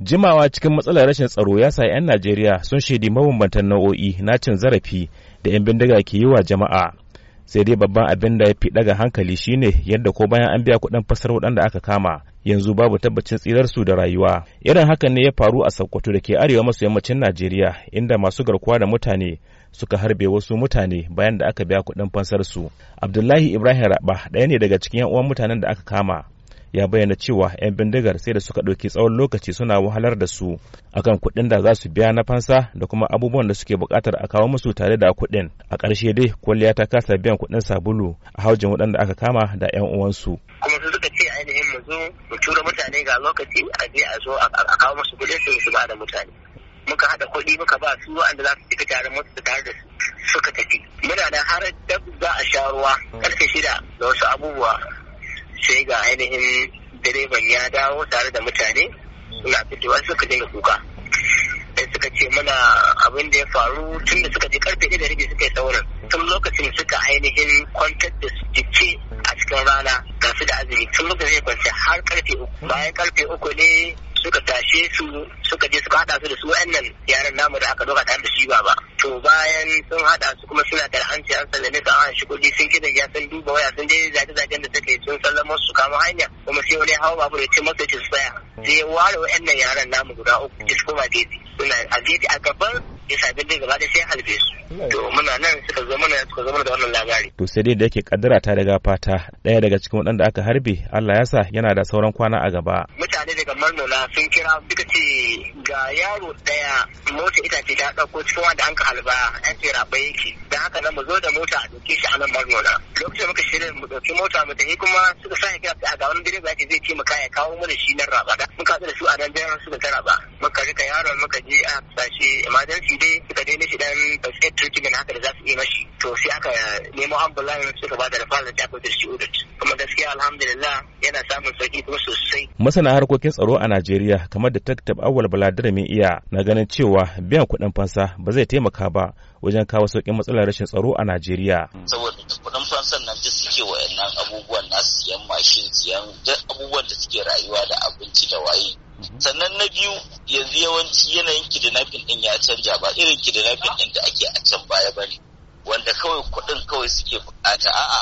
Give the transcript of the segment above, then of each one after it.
jimawa cikin matsalar rashin tsaro ya sa 'yan najeriya sun shaidi mabambantan nau'o'i na cin zarafi da 'yan bindiga ke yi wa jama'a sai dai babban abin da ya fi daga hankali shine yadda ko bayan an biya kuɗin fasar waɗanda aka kama yanzu babu tabbacin tsirarsu da rayuwa irin hakan ne ya faru a sokoto da ke arewa maso yammacin najeriya inda masu garkuwa da mutane suka harbe wasu mutane bayan da aka biya kuɗin fansarsu abdullahi ibrahim raba ɗaya ne daga cikin 'yan uwan mutanen da aka kama ya bayyana cewa 'yan bindigar sai da suka ɗauki tsawon lokaci suna wahalar da su akan kuɗin da za su biya na fansa da kuma abubuwan da suke buƙatar a kawo musu tare da kuɗin a ƙarshe dai kwalliya ta kasa biyan kuɗin sabulu a haujin waɗanda aka kama da 'yan uwansu kuma su suka ce ainihin mu zo mu tura mutane ga lokaci a je a a kawo musu kuɗin su su ba da mutane muka haɗa kuɗi muka ba su wanda za su tafi tare musu da tare da su suka tafi muna da har za a sha ruwa ƙarfe shida da wasu abubuwa sai ga ainihin direban ya dawo tare da mutane suna fitowa suka dinga kuka sai suka ce mana abin da ya faru tun da suka je karfe ɗaya da rabi suka yi sauran tun lokacin suka ainihin kwantar da su a cikin rana ga su da azumi tun lokacin ya kwanci har karfe uku bayan karfe uku ne suka tashe su suka je suka hada su da su wa'annan yaran namu da aka doka tare da shi ba to bayan sun hada su kuma suna da hanci an sallame su an shi kudi sun kidan ya san duba waya sun je masu su kama hanya kuma sai wani hawa babu ya ce masu ya tsaya sai ya ware wa'annan yaran namu guda uku ya koma gefe suna a gefe a gaban ya sabi da gaba da sai halbe su to muna nan suka zo mana suka zo da wannan labari to sai dai da yake kaddara ta daga fata daya daga cikin waɗanda aka harbe Allah ya sa yana da sauran kwana a gaba mutane daga Marnola sun kira duka ce ga yaro daya mota itace ta dauko cikin wanda an ka halba an tsira rabai yake da haka nan mu zo da mota a ɗauke shi a nan magnona lokacin muka shirin mu dauki mota mu tafi kuma suka sa ya a ga wani direba yake zai taimaka kaya kawo mana shi nan raba da muka da su a nan daren su da raba muka rika yaron muka je a sashi emergency dai suka dai shi dan basket treatment haka da za su yi mashi to sai aka nemo ambulance suka ba da rafal da tafi da shi udut kuma gaskiya alhamdulillah yana samun sauki kuma sosai masana harkokin tsaro a Najeriya kamar da taktab awal baladar mai iya na ganin cewa biyan kuɗin fansa ba zai taimaka ba wajen kawo sauƙin matsalar rashin tsaro a Najeriya. Saboda kuɗin fansan nan da suke wayannan abubuwan nasu siyan mashin siyan duk abubuwan da suke rayuwa da abinci da waye. Mhm. Sannan na biyu yanzu yawanci yanayin kidnapping din ya canja ba irin kidnapping din da ake a can baya bane. Wanda kawai kuɗin kawai suke bukata a'a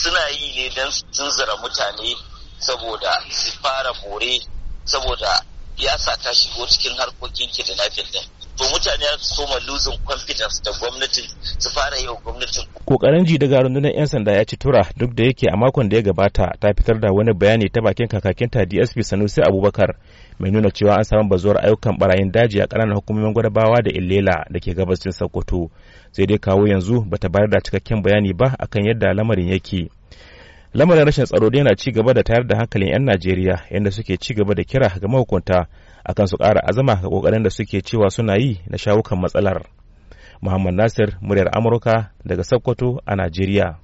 suna yi ne don tunzura mutane saboda su fara bore saboda ya sa ta shigo cikin harkokin kidnapping din to mutane su soma losing confidence da gwamnati su fara yau gwamnatin kokarin ji daga rundunar yan sanda ya ci tura duk da yake a makon da ya gabata ta fitar da wani bayani ta bakin kakakinta DSP Sanusi Abubakar mai nuna cewa an samu bazuwar ayyukan barayin daji a ƙananan hukumomin gwadabawa da illela da ke gabashin Sokoto sai dai kawo yanzu bata bayar da cikakken bayani ba akan yadda lamarin yake lamarin rashin tsaro yana ci gaba da tayar da hankalin 'yan najeriya yadda suke ci gaba da kira ga mahukunta akan su ƙara azama ga ƙoƙarin da suke cewa suna yi na shawukan matsalar muhammad nasir muryar amurka daga sokoto a najeriya